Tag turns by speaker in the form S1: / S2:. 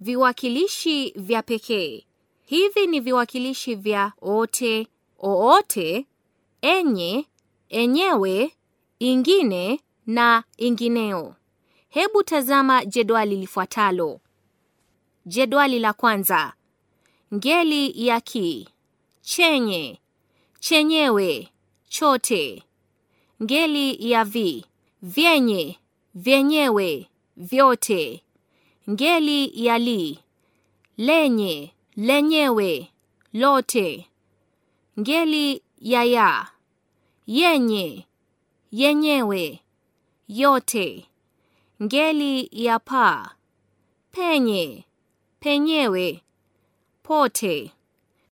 S1: Viwakilishi vya pekee. Hivi ni viwakilishi vya ote, oote, enye, enyewe, ingine na ingineo. Hebu tazama jedwali lifuatalo. Jedwali la kwanza. Ngeli ya ki, chenye, chenyewe, chote. Ngeli ya vi, vyenye, vyenyewe, vyote ngeli ya li lenye, lenyewe, lote, ngeli yaya, yenye, yenyewe, yote, ngeli ya pa penye, penyewe, pote.